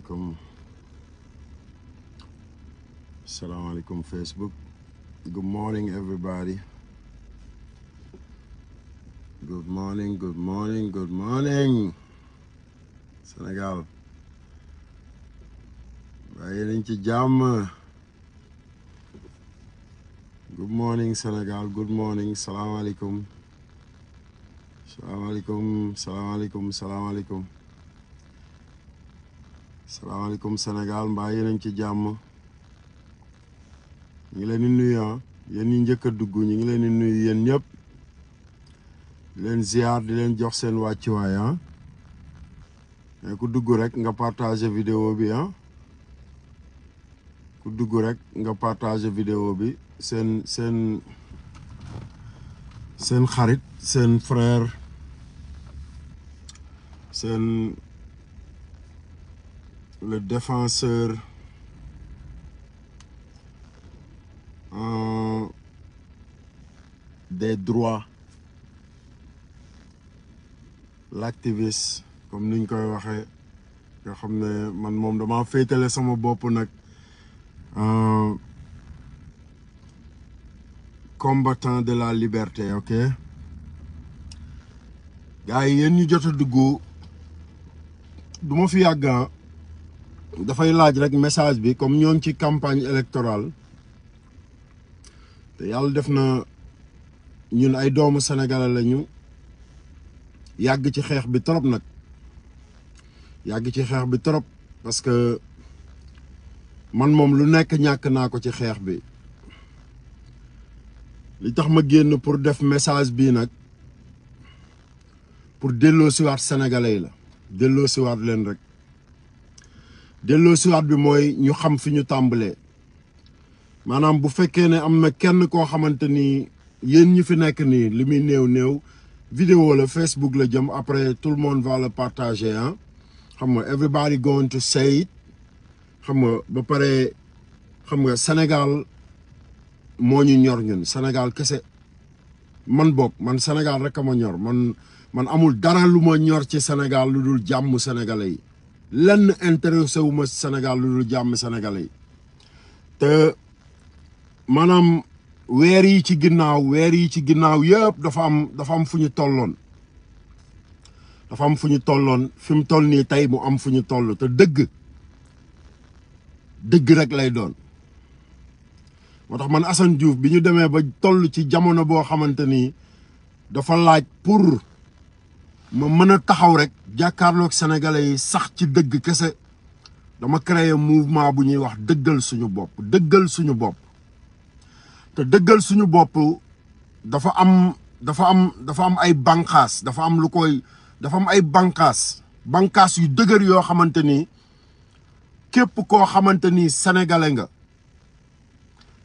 salaamaaleykum salaamaaleykum Facebook good morning everybody good morning good morning good morning Sénégal waaye nañ ci jàmm good morning Sénégal good morning salaamaaleykum salaamaaleykum salaamaaleykum salaamaaleykum salaamaaleykum Sénégal mbaa yéen ci jàmm ñu ngi leen di nuyu ah yéen ñi njëkk a dugg ñu ngi leen di nuyu yéen ñëpp di leen ziar di leen jox seen wàccuwaay ah mais ku dugg rek nga partager vidéo bi ah ku dugg rek nga partage vidéo bi seen seen seen xarit seen frère seen. le défenseur euh, des droits l'activiste comme niñ koy waxee nga xam ne man moom dama féetale sama bopp nag euh, combattant de la liberté ok gars yi yéen ñu jot a dugg du fi yàgga ah. dafay laaj rek message bi comme ñoo ngi ci campagne électorale te yàlla def na ñun ay doomu sénégalais lañu yàgg ci xeex bi trop nag yàgg ci xeex bi trop parce que man moom lu nekk ñàkk naa ko ci xeex bi li tax ma génn pour def message bii nag pour delloo siwaat sénégalais yi la delloo siwaat leen rek delloosiwaat bi mooy ñu xam fi ñu tàmbalee maanaam bu fekkee ne am na kenn koo xamante ni yéen ñu fi nekk nii li muy néew néew vidéo la Facebook la jëm après tout le monde va partager ah xam nga everybody going to say xam nga ba pare xam nga Sénégal moo ñu ñor ñun Sénégal kese man bokk man Sénégal rek a ma ñor man man amul dara lu ma ñor ci Sénégal lu dul jàmm sénégalais yi lenn intéressé wu ma Sénégal lu dul jàmm sénégalais yi te maanaam weer yi ci ginnaaw weer yi ci ginnaaw yëpp dafa am dafa am fu ñu tolloon dafa am fu ñu tolloon fi mu toll nii tey mu am fu ñu toll te dëgg dëgg rek lay doon moo tax man Assane Diouf bi ñu demee ba toll ci jamono boo xamante ni dafa laaj pour ma mën a taxaw rek jàkkaarloog sénégalais yi sax ci dëgg kese dama créer mouvement bu ñuy wax dëggal suñu bopp dëggal suñu bopp te dëggal suñu bopp dafa am dafa am dafa am ay bànqaas dafa am lu koy dafa am ay bànqaas bànqaas yu dëgër yoo xamante ni képp koo xamante ni sénégalais nga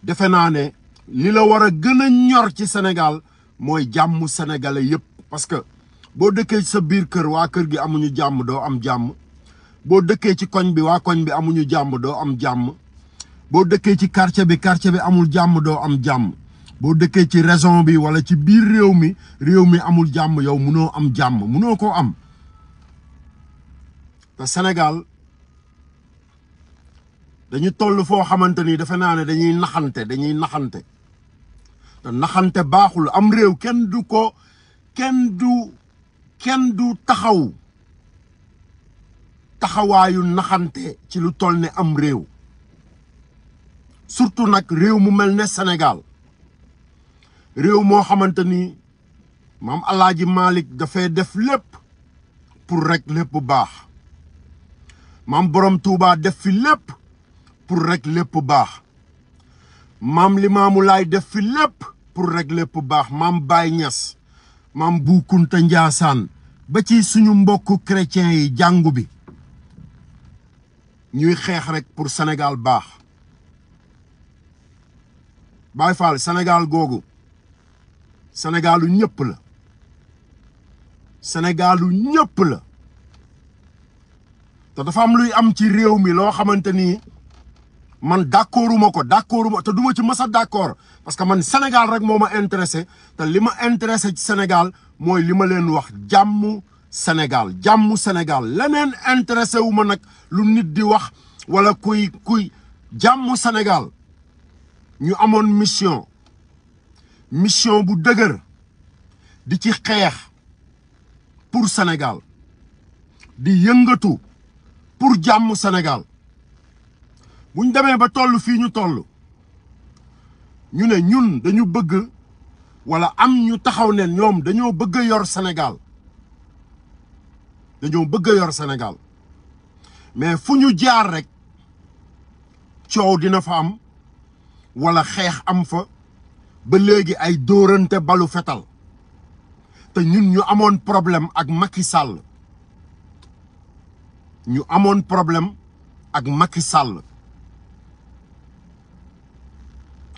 defe naa ne li la war a gën a ñor ci Sénégal mooy jàmm sénégalais yépp parce que boo dëkkee ci sa biir kër waa kër gi amuñu jàmm doo am jàmm boo dëkkee ci koñ bi waa koñ bi amuñu jàmm doo am jàmm boo dëkkee ci quartier bi quartier bi amul jàmm doo am jàmm boo dëkkee ci région bi wala ci biir réew mi réew mi amul jàmm yow munoo am jàmm munoo ko am te Sénégal dañu toll foo xamante ni defe naa ne dañuy naxante dañuy naxante te naxante baaxul am réew kenn du ko kenn du kenn du taxaw taxawaayu naxante ci lu toll ne am réew surtout nag réew mu mel ne Sénégal réew moo xamante ni maam Alaaji Malick dafay def lépp pour rek lépp baax maam Borom Touba def fi lépp pour rek lépp baax maam Limaamu Laay def fi lépp pour rek lépp baax maam Baye Niass maam bu kunta njaasaan ba ci suñu mbokk chrétiens yi jàngu bi ñuy xeex rek pour Sénégal baax Baay fal senegaal googu Sénégalu ñëpp la Sénégalu ñëpp la te dafa am luy am ci réew mi loo xamante ni man d'accorduma ko d'accorduma te duma ci mës a d'accord parce que man senegal rek moo ma intéressé te li ma intéressé ci Sénégal mooy li ma leen wax jàmmu Sénégal jàmmu Sénégal leneen intéressé wu ma nag lu nit di wax wala kuy kuy jàmmu Sénégal ñu amoon mission mission bu dëgër di ci xeex pour Sénégal di yëngatu pour jàmmu Sénégal bu ñu demee ba toll fii ñu toll ñu ne ñun dañu bëgg wala am ñu taxaw ne ñoom dañoo bëgg yor senegal dañoo bëgg yor Sénégal mais fu ñu jaar rek coow dina fa am wala xeex am fa ba léegi ay dóorante balu fetal te ñun ñu amoon problème ak Macky Sall ñu amoon problème ak Macky sàll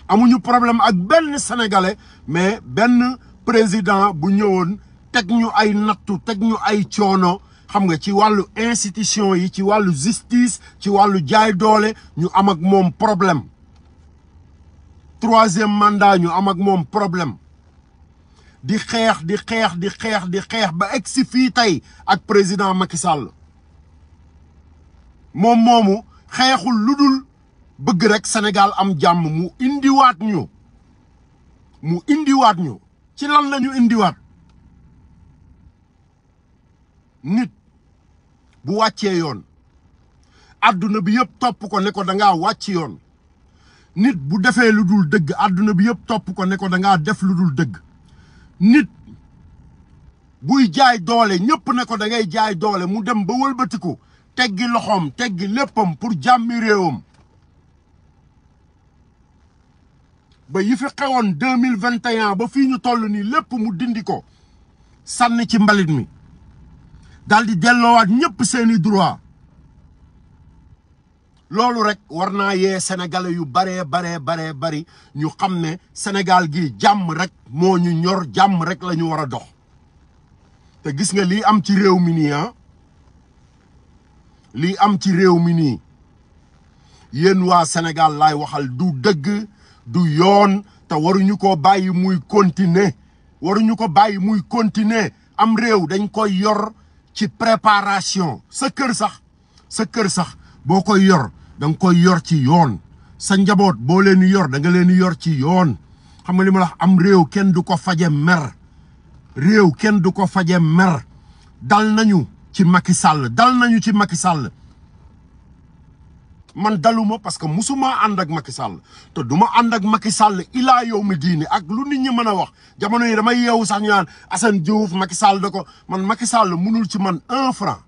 amuñu problème ak benn sénégalais mais benn président bu ñëwoon teg ñu ay nattu teg ñu ay coono xam nga ci wàllu institution yi ci wàllu justice ci wàllu jaay doole ñu am ak moom problème troisième mandat ñu am ak moom problème di xeex di xeex di xeex di xeex ba egsi fii tey ak président Macky Sall moom moomu xeexul lu dul bëgg rek Sénégal am jàmm mu indiwaat ñu mu indiwaat ñu ci lan la indiwaat nit bu wàccee yoon àdduna bi yëpp topp ko ne ko danga wàcc yoon nit bu defee lu dul dëgg àdduna bi yëpp topp ko ne ko da def lu dul dëgg nit buy jaay doole ñëpp ne ko dangay jaay doole mu dem ba wëlbatiku teggi loxoom teggi léppam pour jàmmi réewam ba yi fi xewoon deux mille vingt et ba fii ñu toll nii lépp mu dindi ko sànni ci mbalit mi daal di delloowaat ñëpp seeni droit loolu rek war naa yee sénégalais yu baree baree baree bari ñu xam ne senegaal gi jàmm rekk moo ñu ñor jàmm rek lañu ñu war a dox te gis nga lii am ci réew mi nii ah lii am ci réew mi nii yéen waa Sénégal lay waxal du dëgg du yoon te waruñu ko bàyyi muy continuer waruñu ko bàyyi muy continuer am réew dañ koy yor ci préparation sa kër sax sa kër sax boo koy yor danga nga koy yor ci yoon sa njaboot boo leen yor danga nga leen yor ci yoon xam nga li ma la am réew kenn du ko fajee mer réew kenn du ko faje mer dal nañu ci Macky sàll dal nañu ci Macky sàll man daluma parce que musuma ànd ak Macky Sall te du ma ànd ak Macky Sall ilaa yow mi diini ak lu nit ñi mën a wax jamono yi damay yeewu sax ñu naan Assane Diouf Macky Sall ko man Macky Sall munul ci man un franc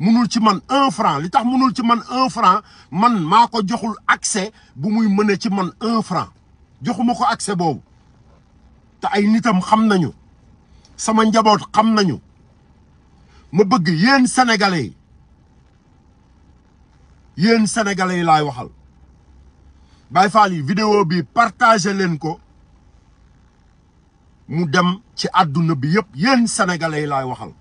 munul ci man un franc li tax munul ci man un franc man maa ko joxul accès bu muy mëne ci man un joxuma ko accès boobu te ay nitam xam nañu sama njaboot xam nañu ma bëgg yenn sénégalais yi yéen sénégalais yi laay waxal Baye Fall yi vidéo bi partagé leen ko mu dem ci àdduna bi yépp yéen sénégalais yi laay waxal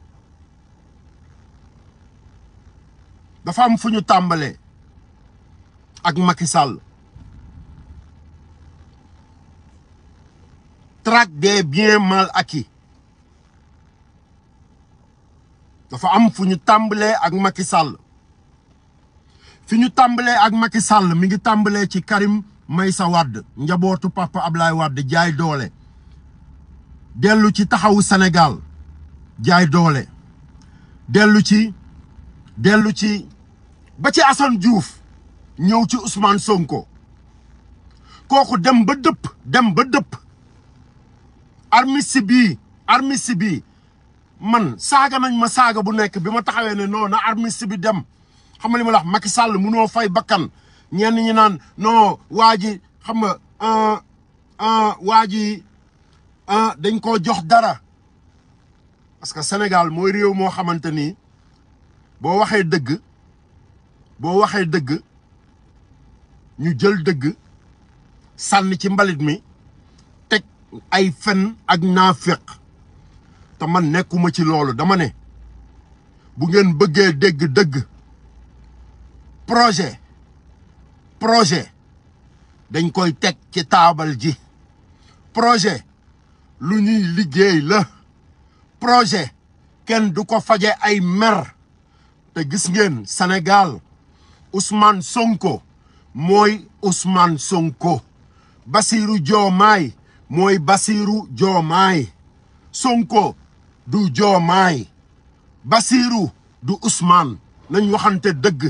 dafa am fu ñu tàmbalee ak Macky Sall traque des biens mal dafa am fu ñu tàmbalee ak Macky Sall fi ñu tàmbalee ak Macky sàll mi ngi tàmbalee ci Karim sa Wade njabootu papa Ablaye Wade jaay doole dellu ci taxawu senegaal jaay doole dellu ci dellu ci ba ci Assane Diouf ñëw ci Ousmane Sonko kooku dem ba dëpp dem ba dëpp armistice bi armistice bi man saaga nañ ma saaga bu nekk bi ma taxawee ne non na armistice bi dem xam li ma la wax Macky fay bakkan ñenn ñi naan non waa ji xam nga waa ji un dañ koo jox dara parce que Sénégal mooy réew moo xamante ni boo waxee dëgg boo waxee dëgg ñu jël dëgg sànni ci mbalit mi teg ay fen ak naaféq te man nekkuma ci loolu dama ne bu ngeen bëggee dégg dëgg projet projet dañ koy teg ci taabal ji projet lu ñuy liggéey la projet kenn du ko faje ay mer te gis ngeen Sénégal Ousmane Sonko mooy Ousmane Sonko Bassirou Diomaye mooy Bassirou Diomaye Sonko du Diomaye Bassirou du usmaan nañ waxante dëgg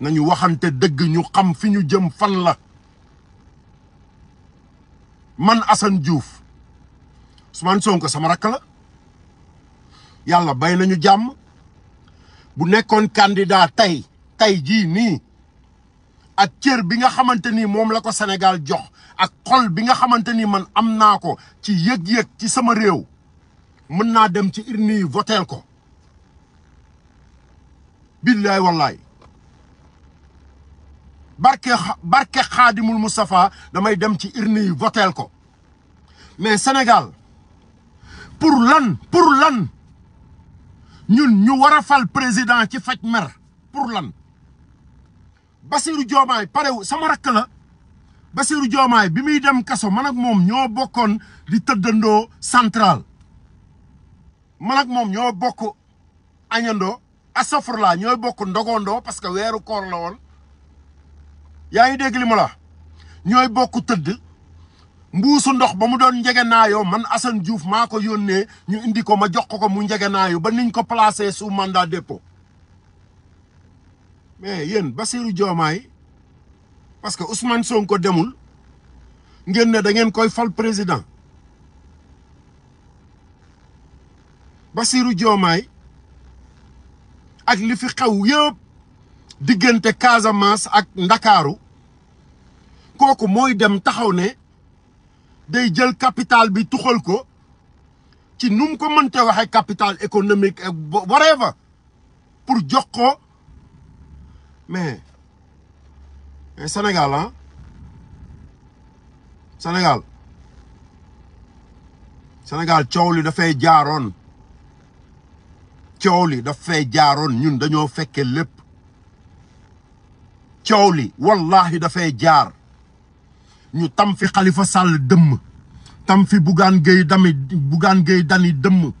nañu waxante dëgg ñu xam fi ñu jëm fan la man Assane Diouf Ousmane Sonko sama rakk la yàlla bay nañu jàmm bu nekkoon candidat tey tey jii nii ak cër bi nga xamante ni moom la ko Sénégal jox ak xol bi nga xamante ni man am naa ko ci yëg-yëg ci sama réew mën naa dem ci urne yi voteel ko billaay wallaay barke barke xaadimul Moustapha damay dem ci urne yi voteel ko mais Sénégal pour lan pour lan ñun ñu war a fal président ci faj mer pour lan Bassirou jomaay pare sama rakk la Bassirou Diomaye bi muy dem kaso man ak moom ñoo bokkoon di tëddandoo central man ak moom ñoo bokk añandoo asafurlaa ñoo bokk ndogondoo parce que weeru koor la yaa ngi dégg li ma la ñooy bokk tëdd mbuusu ndox ba mu doon njege njegenaayoo man Assane Diouf maa ko yónnee ñu indi ko ma jox ko ko mu njegenaayo ba niñ ko placé sous mandat dépôt mais yéen Bassirou Diomaye parce que Ousmane ko demul ngeen ne dangeen koy fal président Bassirou Diomaye ak li fi xew yëpp diggante Casamance ak Ndakaaru kooku mooy dem taxaw ne day jël capital bi tuxal ko ci nu mu ko mënte waxee capital économique ak whatever pour jox ko mais mais senegal ah Sénégal coow li dafay jaaroon coow li dafay jaaroon ñun dañoo fekke lépp coow li wallahi dafay jaar ñu tam fi xalifa sàll dëmm tam fi Bougane Gueye dami Bougane Gueye Dany dëmm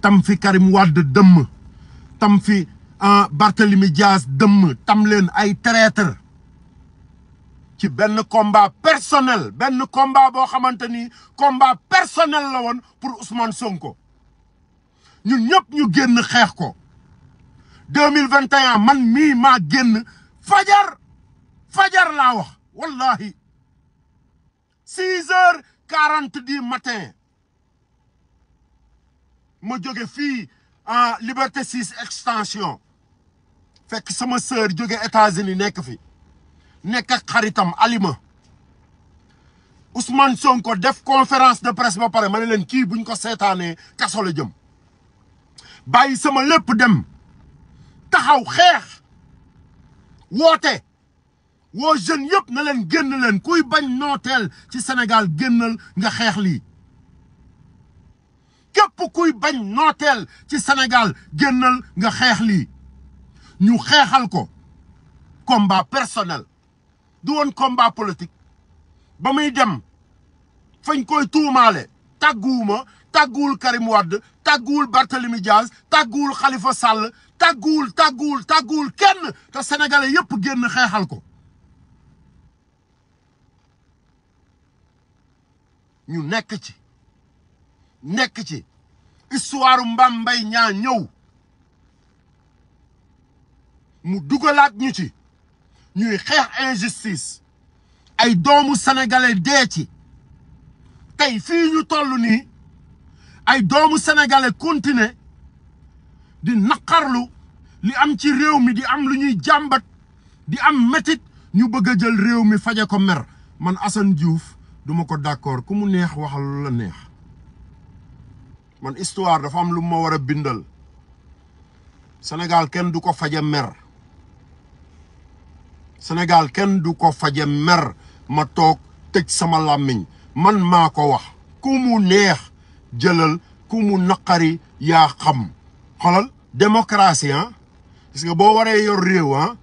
tam fi Karim Wade dëmm tam fi ah, Barthélemy Dias dëmm tam leen ay traître ci benn combat personnel benn combat boo xamante ni combat personnel la woon pour Ousmane Sonko ñun ñëpp ñu génn xeex ko 2021 man mii maa génn fajar fajar laa wax wallahi six heures quarante du matin ma jóge fii à Liberté 6 extension fekk sama sœur jóge États-Unis nekk fi nekk xaritam alima Ousmane Sonko def conférence de presse ba pare ma ne leen kii buñ ko seetaanee kaso la jëm bàyyi sama lépp dem taxaw xeex woote woo jeunes yëpp na leen génn leen kuy bañ nooteel ci senegal génnal nga xeex lii képp kuy bañ nooteel ci senegal génnal nga xeex lii ñu xeexal ko combat personnel du woon combat politique ba muy dem fañ koy tuumaale tàgguwuma tàgguwul Karim Wade tàgguwul Barthélemy Diaz tàgguwul xalifa Sall tàgguwul tàgguwul tàgguwul kenn te sénégalais yëpp génn xeexal ko ñu nekk ci nekk ci histoire Mame Mbaye Niang ñëw mu dugalaat ñu ci ñuy xeex injustice ay doomu sénégalais dee ci tey fii ñu toll nii ay doomu sénégalais continuer di naqarlu li am ci réew mi di am lu ñuy jàmbat di am metit ñu bëgg a jël réew mi faje ko mer man Assane Diouf duma ko d'accord ku mu neex waxal la neex man histoire dafa am lu ma war a bindal Sénégal kenn du ko faje mer Sénégal kenn du ko faje mer ma toog tëj sama làmmiñ man maa ko wax ku mu neex jëlal ku mu naqari yaa xam xolal démocratie ah parce que boo waree yor réew ah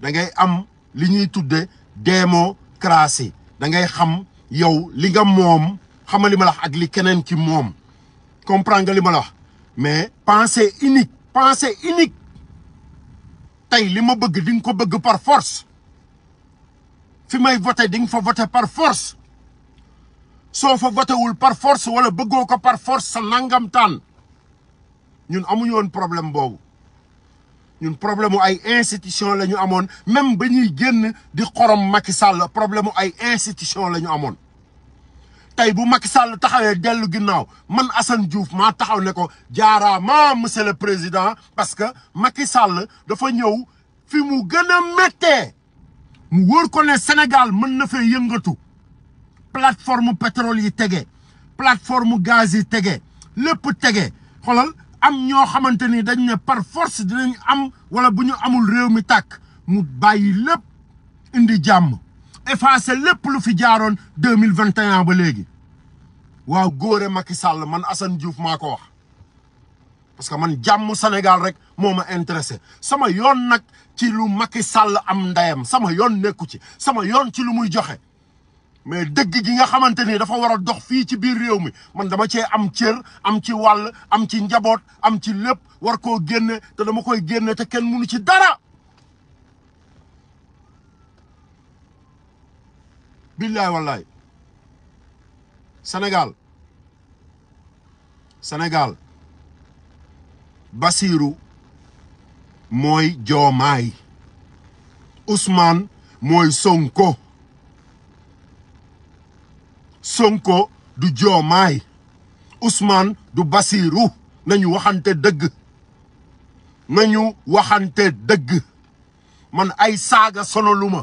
da am li ñuy tudde démocratie da ngay xam yow li nga moom xamal li ma la ak li keneen ci moom comprendre nga li ma la wax mais pensée unique pensée unique tey li ma bëgg di ko bëgg par force fi may voté di nga fa voté par force soo fa votéwul par force wala bëggoo ko par force sa nangam taan ñun amuñu woon problème boobu ñun problème mu ay institution la ñu amoon même ba ñuy génn di xorom Macky Sall problème mu ay institution la ñu amoon tey bu Macky Sall taxawee dellu ginnaaw man Assane Diouf maa taxaw ne ko jaaraama monsieur le président parce que Macky Sall dafa ñëw fi mu gën a méttee mu wóor ko ne Sénégal mën na fee yëngatu plateforme pétrole yi tege plateforme gaz yi tege lépp tege xoolal am ñoo xamante ni dañ ne par force dinañ am wala bu ñu amul réew mi tàkk mu bàyyi lépp indi jàmm effacer lépp lu fi jaaroon deux mille vingt et un ba léegi waaw góore Macky Sall man Assane Diouf maa ko wax parce que man jàmm Sénégal rek moo ma intéressé sama yoon nag ci lu Macky Sall am ndeyam sama yoon nekku ci sama yoon ci lu muy joxe mais dëgg gi nga xamante ni dafa war a dox fii ci biir réew mi man dama cee am cër am ci wàll am ci njaboot am ci lépp war koo génne te dama koy génne te kenn mënu ci dara billaay wallaay Sénégal Sénégal Basiiru mooy Joomaay Ousmane mooy Sonko Sonko du Joomaay Ousmane du Basiiru nañu waxante dëgg nañu waxante dëgg man ay saaga sonaluma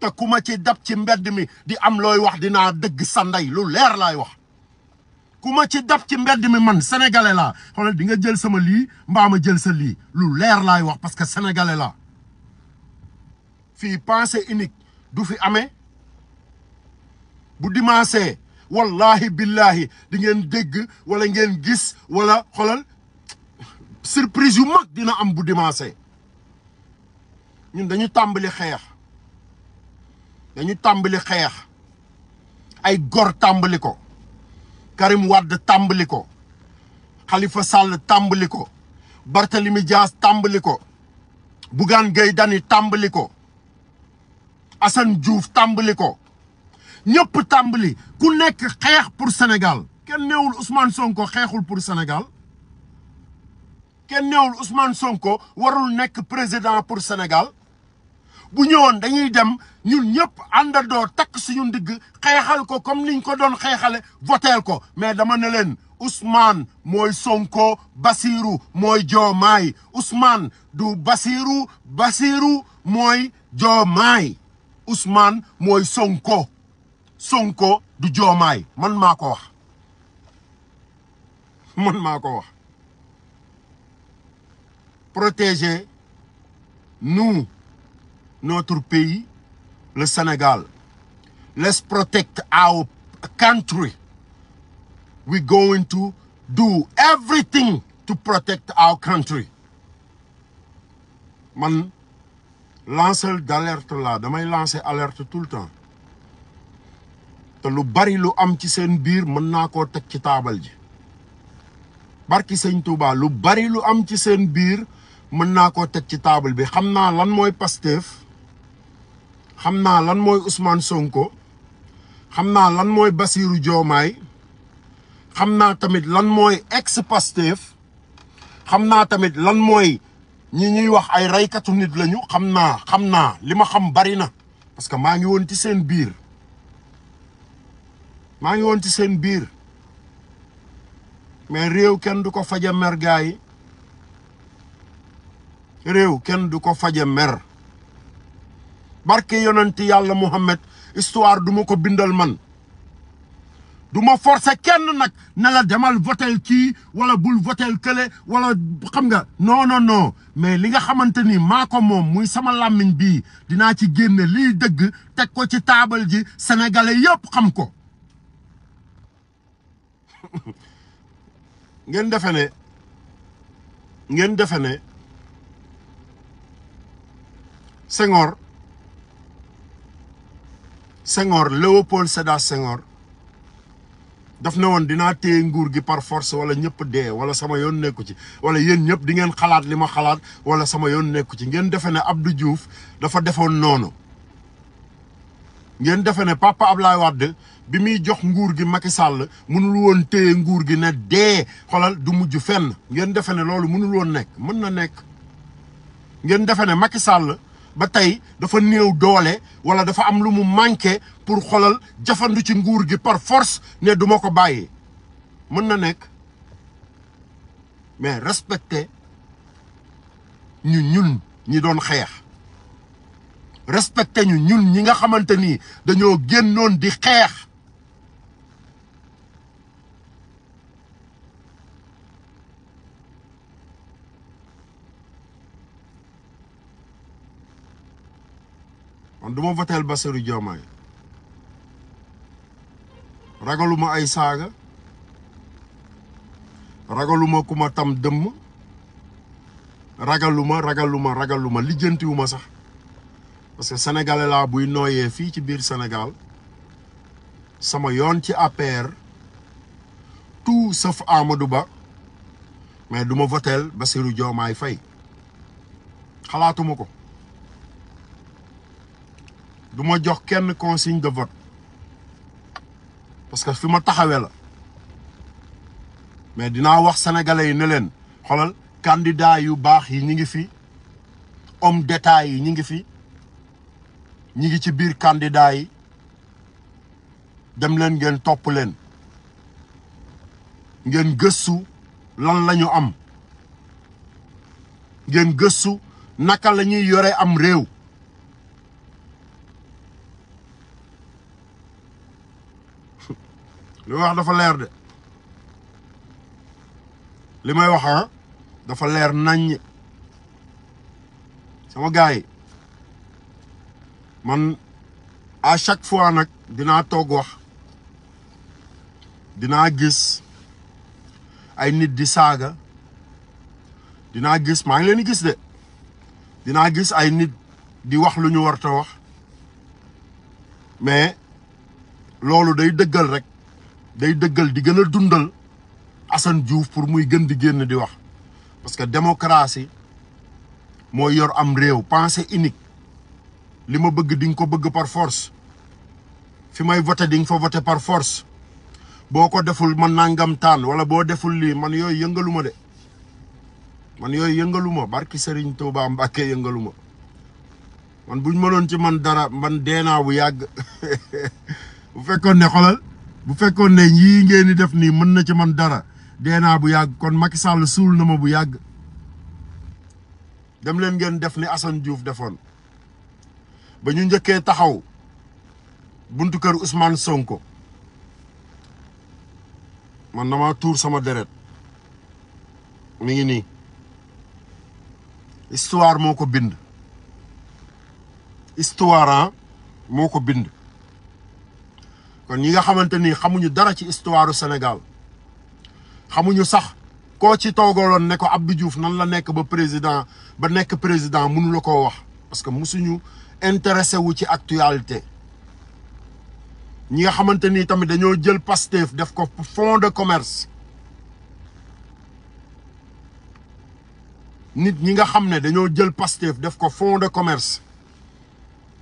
te ku ma ci dab ci mbedd mi di am looy wax dinaa dëgg sa ndey lu leer laay wax ku ma ci dab ci mbedd mi man sénégalais laa xoolal di nga jël sama lii mbaa ma jël sa lii lu leer laay wax parce que sénégalais fii pensée unique du fi amee bu dimanche wallahi billahi dingeen ngeen dégg wala ngeen gis wala xoolal surprise yu mag dina am bu dimanche ñun dañu tàmbali xeex dañu tàmbali xeex ay góor tàmbali ko Karim Wade tàmbali ko xalifa Sall tàmbali ko Barthélemy Dias tàmbali ko Bougane gay Dany tàmbali ko Assane Diouf tàmbali ko ñëpp tàmbali ku nekk xeex pour Sénégal kenn néewul Ousmane Sonko xeexul pour senegal kenn néewul Ousmane Sonko warul nekk président pour Sénégal bu ñëwoon dañuy dem ñun ñëpp àndandoo takk suñu ndigg xeexal ko comme niñ ko doon xeexale voteel ko mais dama ne leen usmaan mooy Sonko Basiru mooy Joomaay Ousmane du Basiru mooy Joomaay Ousmane mooy Sonko Sonko du Joomaay man maa ko wax man maa ko wax protéger nous notre pays, le Sénégal. Let's protect our country. We're going to do everything to protect our country. man lanceur d'alerte laa damay lancer alerte tout le temps te lu bari lu am ci seen biir mën naa koo teg ci taabal ji barki sëñ Touba lu bari lu am ci seen biir mën naa ko teg ci taabal bi xam naa lan mooy Pastef xam naa lan mooy Ousmane Sonko xam naa lan mooy Bassirou joomaay xam naa tamit lan mooy ex xam naa tamit lan mooy ñi ñuy wax ay reykatu nit lañu xam naa xam naa li ma xam bari na parce que maa ngi woon ci seen biir maa ngi woon ci seen biir mais réew kenn du ko faje mer yi réew kenn du ko faje mer barke yonanti yàlla Muhammad histoire duma ko bindal man duma ma forcer kenn nag ne demal votel ci wala bul votel kële wala xam nga non non non mais li nga xamante ni maa ko moom muy sama làmmiñ bi dinaa ci génne liy dëgg teg ko ci taabal ji sénégalais yépp xam ko ngeen defe ne ngeen defe ne Senghor Senghor Léopold Sédar Senghor daf na woon dinaa téye nguur gi par force wala ñëpp dee wala sama yoon nekku ci wala yéen ñëpp di ngeen xalaat li ma xalaat wala sama yoon nekku ci ngeen defe ne Abdou Diouf dafa defoon noonu ngeen defe ne papa Ablaye Wade bi muy jox nguur gi Macky sàll mënul woon téye nguur gi ne dee xolal du mujj fenn ngeen defe ne loolu mënul woon nekk mën na nekk ngeen defe ne maki sàll ba tey dafa néew doole wala dafa am lu mu manqué pour xolal jafandu ci nguur gi par force ne duma ko bàyyi mën na nekk mais respecté ñu ñun ñi doon xeex respecté ñu ñun ñi nga xamante ni dañoo génnoon di xeex man du ma voteel Bassirou Diomaye ragaluma ay saaga ragaluma ku ma tam dëmm ragaluma ragaluma ragaluma lijjantiwuma sax parce que sénégalais buy nooyee fii ci biir senegaal sama yoon ci APR tout sauf amadu Ba mais du ma voteel Bassirou Diomaye Faye xalaatuma ko du ma jox kenn consigne de vote parce que fi ma taxawee la mais dinaa wax sénégalais yi ne leen xoolal candidat yu baax yi ñi ngi fi homme d'état yi ñi ngi fi ñi ngi ci biir candidat yi dem leen ngeen topp leen ngeen gëstu lan la ñu am ngeen gëstu naka la ñuy yore am réew li wax dafa leer de li may wax ah dafa leer nañ sama gars yi man à chaque fois nag dinaa toog wax dinaa gis ay nit di saaga dinaa gis maa ngi leen di gis de dinaa gis ay nit di wax lu ñu war wax mais loolu day dëggal rek day dëggal di gën a dundal Assane Diouf pour muy gën di génn di wax parce que démocratie mooy yor am réew pensée unique li ma bëgg dinga ko bëgg par force fi may voté di nga fa voté par force boo ko deful man nangam taan wala boo deful lii man yooyu yëngaluma de man yooyu yëngalu ma barki Serigne Touba Mbacke yëngalu ma man buñ mënoon ci man dara man deenaa bu yàgg bu fekkoon ne xolal bu fekkoon ne yii ngeen di def nii mën na ci man dara dee bu yàgg kon Macky Sall suul na ma bu yàgg dem leen ngeen def ni Assane Diouf defoon ba ñu njëkkee taxaw buntu kër Ousmane Sonko man dama tuur sama deret mi ngi nii histoire moo ko bind histoire ah, moo ko bind kon ñi nga xamante ni xamuñu dara ci histoire Sénégal xamuñu sax koo ci toogaloon ne ko ab Diouf nan la nekk ba président ba nekk président mënu la koo wax parce que musuñu intéressé wu ci actualité ñi nga xamante ni tamit dañoo jël Pastef def ko fonds de commerce nit ñi nga xam ne dañoo jël Pastef def ko fonds de commerce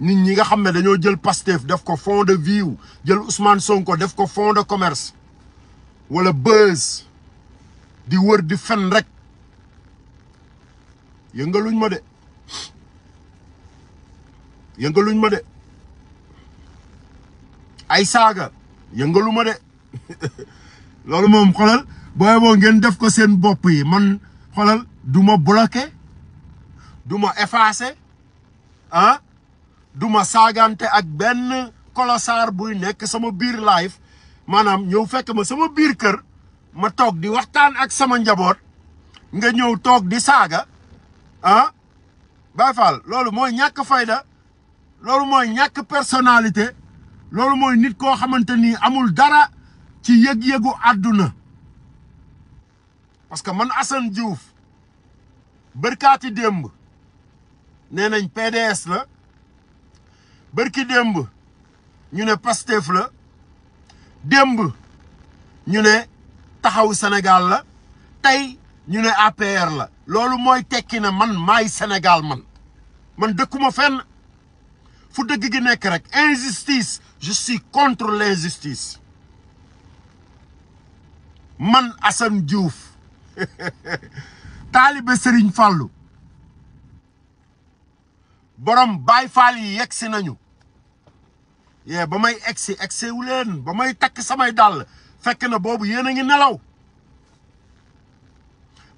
nit ñi nga xam ne dañoo jël Pastef def ko fond de vie jël Ousmane Sonko def ko fond de commerce wala buzz di wër di fen rek yëngaluñ ma de yëngaluñ ma de ay saaga yëngalu ma de loolu moom xolal booy boo ngeen def ko seen bopp yi man xolal duma ma bloqué du ma effacé ah du ma saagante ak benn kolosaar buy nekk sama biir live maanaam ñëw fekk ma sama biir kër ma toog di waxtaan ak sama njaboot nga ñëw toog di saaga ah Baay Faal loolu mooy ñàkk fayda loolu mooy ñàkk personnalité loolu mooy nit koo xamante ni amul dara ci yëg-yëgu àdduna parce que man Assane Diouf bërkaati démb nee nañ PDS la bërki démb ñu ne Pastef la démb ñu ne taxaw senegal la tey ñu ne APR la loolu mooy tekki na man may senegal man man dëkkuma fenn fu dëgg gi nekk rek injustice je suis contre l'injustice man Assane Diouf taalibe Serigne fàllu borom baay faal yi yegg si nañu yee ba may egsi si leen ba may takk samay dàll fekk na boobu yéen a ngi nelaw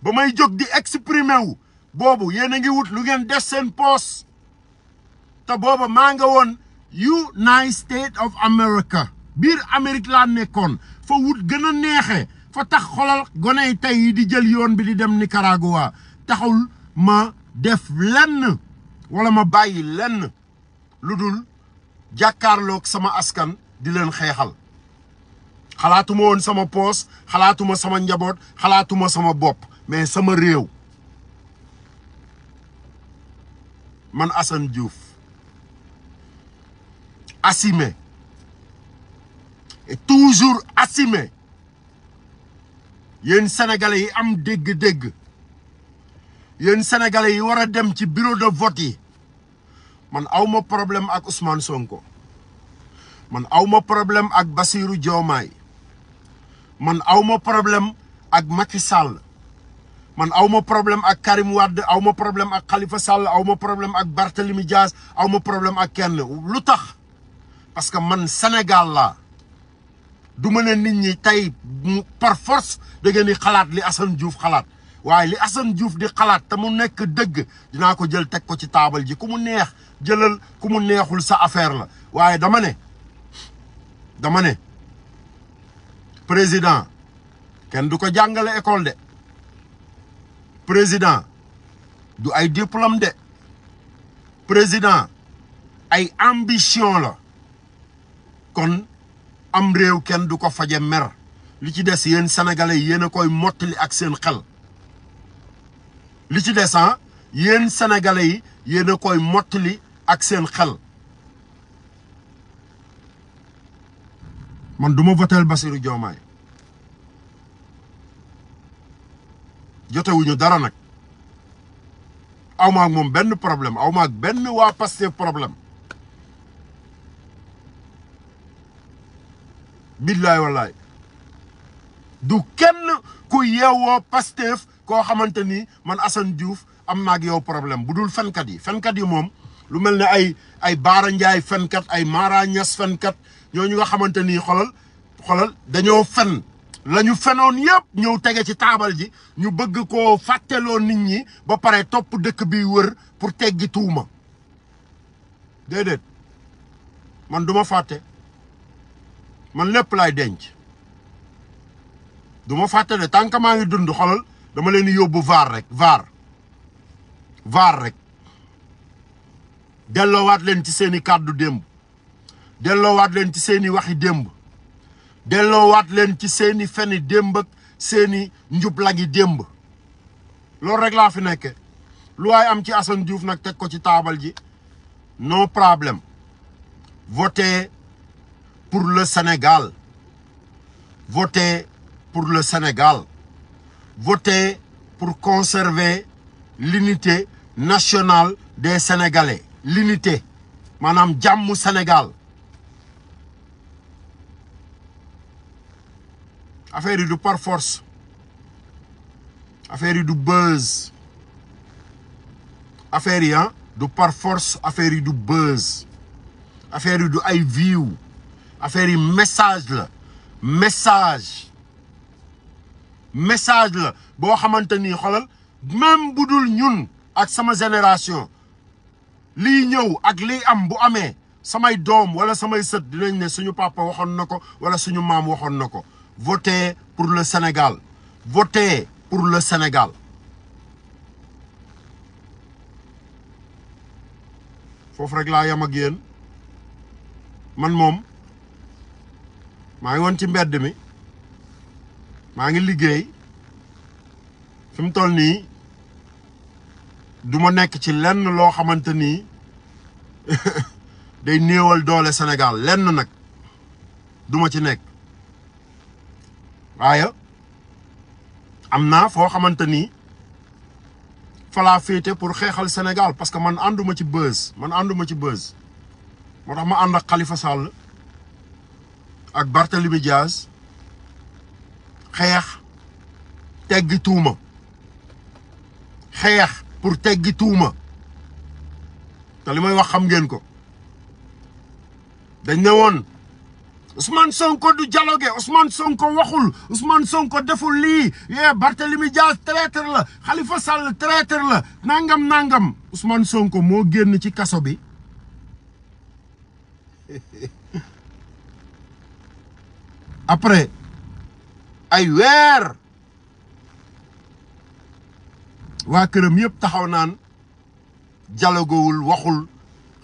ba may jóg di exprimer wu boobu yéen a ngi wut lu ngeen des seen poos te booba maa nga woon United States of America biir Amérique laa nekkoon fa wut gën a neexee fa tax xolal goney tey yi di jël yoon bi di dem Nicaragua taxul ma def lenn wala ma bàyyi lenn lu dul jàkkaarlook sama askan di leen xeexal xalaatuma woon sama poos xalaatuma sama njaboot xalaatuma sama bopp mais sama réew man Assane Diouf assumé et toujours assumé yéen sénégalais yi am dégg-dégg yéen sénégalais yi war a dem ci bureau de vote yi man awma problème ak Ousmane Sonko man awma problème ak Bassirou Diomaye man awma problème ak Macky Sall man awma problème ak Karim Wade awma problème ak kalifa Sall awma problème ak Barthélemy Dias awma problème ak kenn lu tax parce que man senegal la du ma ne nit ñi tey par force da ngeen xalaat li Assane Diouf xalaat waaye li Assane Diouf di xalaat te mu nekk dëgg dinaa ko jël teg ko ci taabal ji ku mu neex jëlal ku mu neexul sa affaire la waaye dama ne dama ne président kenn du ko jàngale école de président du ay diplôme de président ay ambition la kon am réew kenn du ko faje mer li ci des yéen sénégalais yéen a koy mottali ak seen xel li ci des ah, yéen sénégalais yi yéen a koy mottali ak seen xel. man duma ma voteel Bassirou Diomaye jotewuñu dara nag aw ma moom benn problème aw benn waa Pastef problème billaay wallaay du kenn ku yeewoo Pastef koo xamante ni man Assane Diouf am maag yow problème bu dul fenkat yi fenkat yi moom lu mel ne ay ay Baara Ndiaye fenkat ay Mara Niass fenkat ñu nga xamante ni xolal xolal dañoo fen lañu ñu fenoon yëpp ñëw tege ci taabal ji ñu bëgg koo fàtteloo nit ñi ba pare topp dëkk bi wër pour teggi tuuma déedéet man duma fàtte man lépp lay denc duma ma fàtte de tant maa ngi dund xolal dama leen di yóbbu vaar rek vaar vaar rek delloowaat leen ci seeni kàddu démb delloowaat leen ci seeni waxi démb delloowaat leen ci seeni feni démb ak seeni njublagi démb loolu rek laa fi nekke lu waay am ci ason Diouf nag teg ko ci taabal ji non problème voter pour le Sénégal voter pour le Sénégal voté pour conserver linité nationale des Sénégalais linité maanaam jàmmu Sénégal affaire yi du par affaire yi du buzz affaire yi du parforce force affaire yi du buzz affaire yi du ay view affaire yi message la message message la boo xamante ni xoolal même bu dul ñun ak sama génération liy ñëw ak liy am bu amee samay doom wala samay sët dinañ ne suñu papa waxoon na ko wala suñu maam waxoon na ko votez pour le senegal votez pour le Sénégal foofu rek laa yam ak yéen man moom maa ngi woon ci mbedd mi maa ngi liggéey fi mu toll nii duma nekk ci lenn loo xamante nii day néewal doole Sénégal lenn nag duma ci nekk waaye am naa foo xamante nii falaa féete pour xeexal Sénégal parce que man ànduma ci buzz man ànduma ci bés moo tax ma ànd ak Khalifa Sall ak Barthélemy Diaz xeex tegg tuuma xeex pour tegg tuuma te li may wax xam ngeen ko dañ ne woon Ousmane Sonko du dialogue Ousmane Sonko waxul Ousmane Sonko deful lii yee Barthélemy Dias traître la xalifa Sall traître la nangam nangam Ousmane Sonko moo génn ci kaso bi après ay weer waa këram yépp taxaw naan dialogowul waxul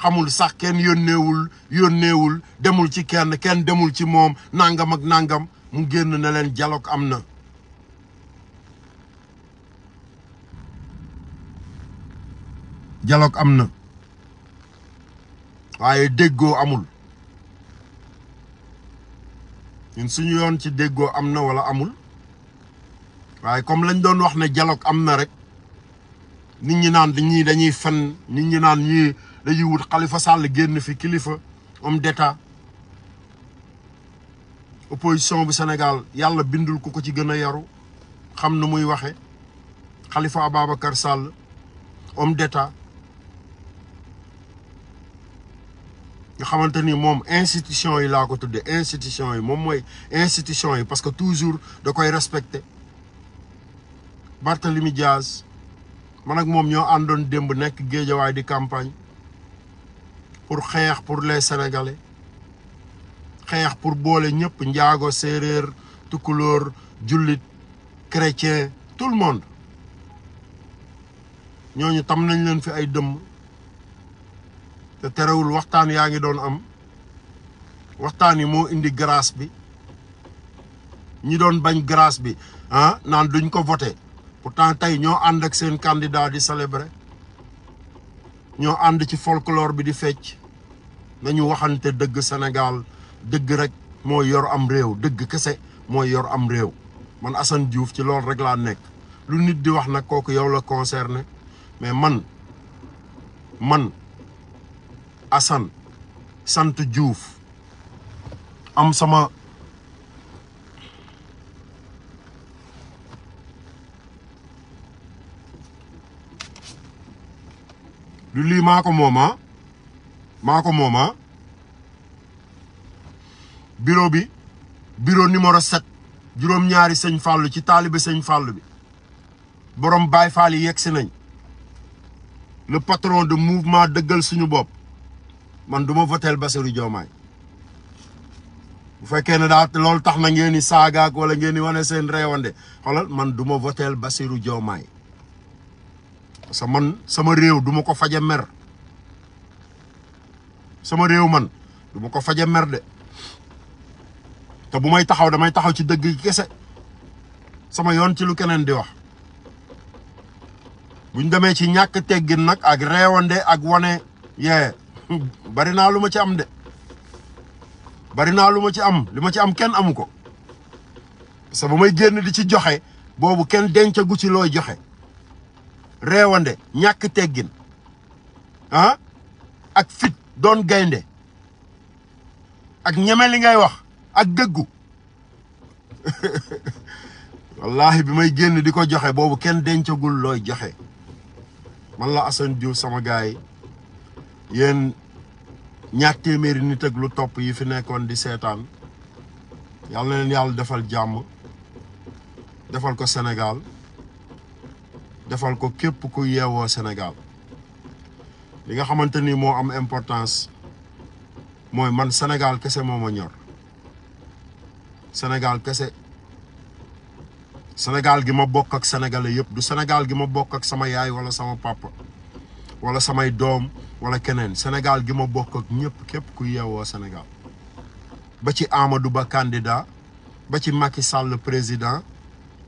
xamul sax kenn yónneewul yónneewul demul ci kenn kenn demul ci moom nangam ak nangam mu génn na leen dialogue am na dialogue am na waaye déggoo amul ñun suñu yoon ci déggoo am na wala amul waaye comme lañ doon wax ne jaloog am na rek nit ñi naan ñii dañuy fen nit ñi naan ñii dañuy wut xalifa sàll génn fi kilifa homme d'état opposition bu senegal yàlla bindul ku ko ci gën a yaru xam nu muy waxe Khalifa Ababacar Sall homme d'état nga xamante ni moom institution yi laa ko tudde institution yi moom mooy institution yi parce que toujours da koy respecté Barthélemy Diaz man ak moom ñoo àndoon démb nekk géejawaay di campagne pour xeex pour les sénégalais xeex pour boole ñëpp njaago séeréer tukulóor jullit chrétien tout le monde ñooñu tam nañ leen fi ay dëmm te terewul waxtaan yaa ngi doon am waxtaan yi moo indi grâce bi ñi doon bañ grâce bi ah naan duñ ko vote voté temps tey ñoo ànd ak seen candidat di célébrer ñoo ànd ci folklore bi di fecc nañu waxante dëgg Sénégal dëgg rek moo yor am réew dëgg kese moo yor am réew man Assane Diouf ci loolu rek laa nekk lu nit di wax nag kooku yow la concerné mais man man Assane sant Diouf am sama lu lii maa ko mooma maa bi biro numéro sept juróom-ñaari sëñ fàllu ci taalibe sëñ fàllu bi borom baay faal yi yegg nañ le patron de mouvement dëggal suñu bopp man du ma voteel Bassirou Diomaye bu fekkee ne daa loolu tax na ngeen di saagaak wala ngeen di wane seen réewande xoolal man du ma voteel Bassirou Diomaye parce que man sama réew duma ko faje mer sama réew man du ko faje mer de te bu may taxaw damay taxaw ci dëgg kese sama yoon ci lu keneen di wax buñ demee ci ñàkk teggin nag ak réewande ak wane yee bari naa lu ma ci am de bari naa lu ma ci am li ma ci am kenn amu ko sa ba may génn di ci joxe boobu kenn dencagu ci looy joxe reewande ñàkk teggin ah ak fit doon gaynde ak ñeme li ngay wax ak dëggu wallahi bi may génn di ko joxe boobu kenn dencagul looy joxe man la Assane Diouf sama gaay yéen ñaar téeméeri nit ak lu topp yi fi nekkoon di seetaan yàlla na leen yàlla defal jàmm defal ko senegaal defal ko képp ku yeewoo senegaal li nga xamante ni moo am importance mooy man Sénégal kese moo ma ñor Sénégal kese Sénégal gi ma bokk ak sénégalais yëpp du Sénégal gi ma bokk ak sama yaay wala sama papa wala samay doom wala keneen Sénégal gi ma bokk ak ñëpp képp ku yeewoo Sénégal ba ci Amadou Ba candidat ba ci Macky sàll président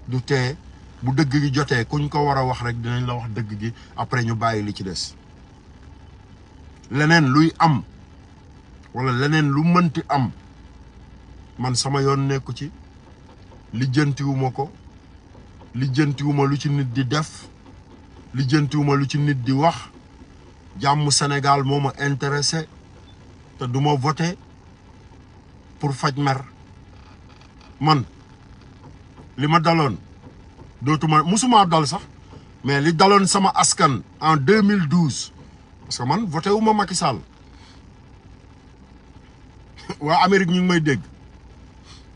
du tee bu dëgg gi jotee kuñ ko war a wax rek dinañ la wax dëgg gi après ñu bàyyi li ci des leneen luy am wala leneen lu mënti am man sama yoon nekku ci lijjantiwuma ko lijjantiwuma lu ci nit di def lijjantiwuma lu ci nit di wax jàmm senegal moo ma intéressé te du ma voté pour faj mer man li ma daloon dootuma musuma dal sax mais li daloon sama askan en 2012 parce que man voté wu ma Macky Sall waa Amérique ñu ngi may dégg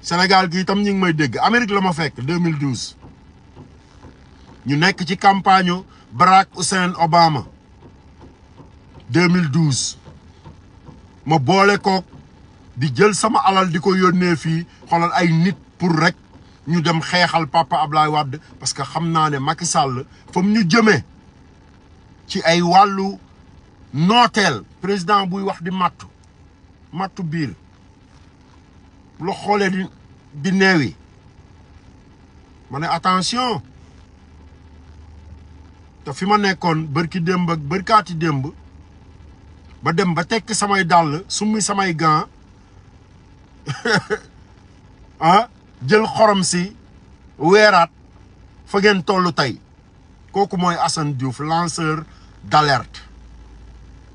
senegal gi itam ñu ngi may dégg Amérique la ma fekk 2012 ñu nekk ci campagne Barack Hussein Obama 2012 ma boole kook di jël sama alal di ko yónnee fii xoolal ay nit pour rek ñu dem xeexal papa Ablaye Wade parce que xam naa ne Macky Sall fam ñu jëmee ci ay wàllu nooteel président buy wax di màttu màttu biir lo xoolee di di neewi ma ne attention te fi ma nekkoon bërki démb ak bërkaati démb ba dem ba tekk samay dàll summi samay gants ah jël xorom si weeraat fa ngeen toll tey kooku mooy Assane Diouf lanceur d'alerte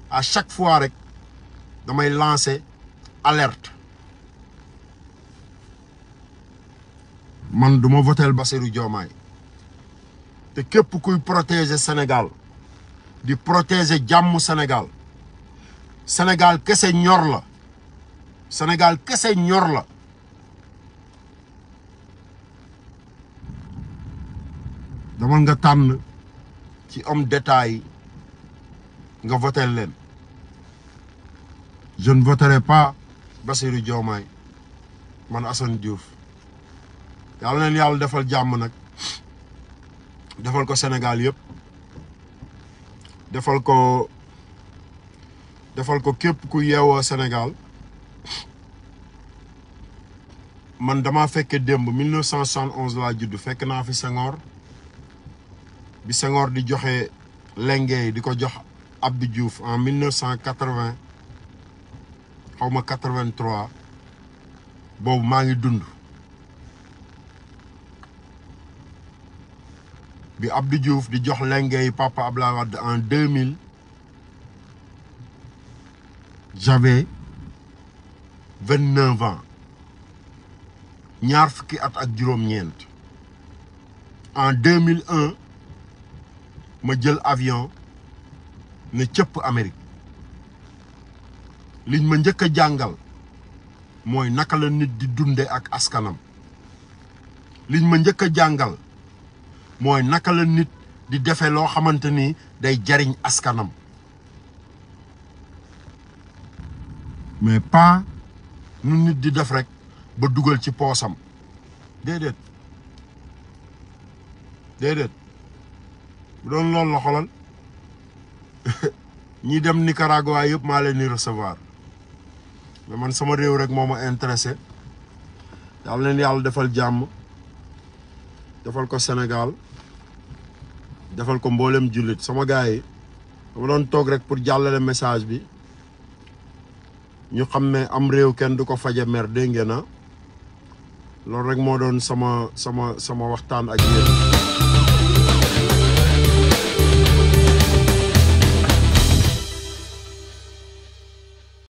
à chaque fois rek damay lancer alerte man duma votel Bassirou Diomaye te képp kuy protéger Sénégal di protéger jàmmu Sénégal senegal kese ñor la Sénégal kese ñor la dama nga tànn ci om d'État nga votel leen je ne voterai pas Bassirou Diomaye man Assane Diouf yàlla leen yàlla defal jàmm nag defal ko senegal yëpp defal ko defal ko képp ku yeewoo Sénégal man dama fekke démb 1971 laa judd fekk naa fi Senghor bi Senghor di joxe lengee di ko jox Abdou Diouf en 1980 xaw ma 83 boobu maa ngi dund bi Abdou Diouf di jox lengee papa Abdoulaye Wade en 2000. j'avais vingt neuf ans ñaar fukki at ak juróom-ñeent en deux mille un ma jël avion ne cëpp Amérique liñ ma njëkk a jàngal mooy naka la nit di dunde ak askanam liñ ma njëkk a jàngal mooy naka la nit di defe loo xamante ni day jariñ askanam mais pas nu nit di def rek ba dugal ci poosam déedéet déedéet bu doon loolu la xolal ñi dem Nicaragua yëpp maa leen di recevoir mais man sama réew rek moo ma intéressé yàlla leen yàlla defal jàmm defal ko Sénégal defal ko mboolem jullit sama gars yi dama doon toog rek pour jàllale message bi. ñu xam ne am réew kenn du ko faje mer dégg ngeen na ah? loolu rek moo doon sama sama sama waxtaan ak yéen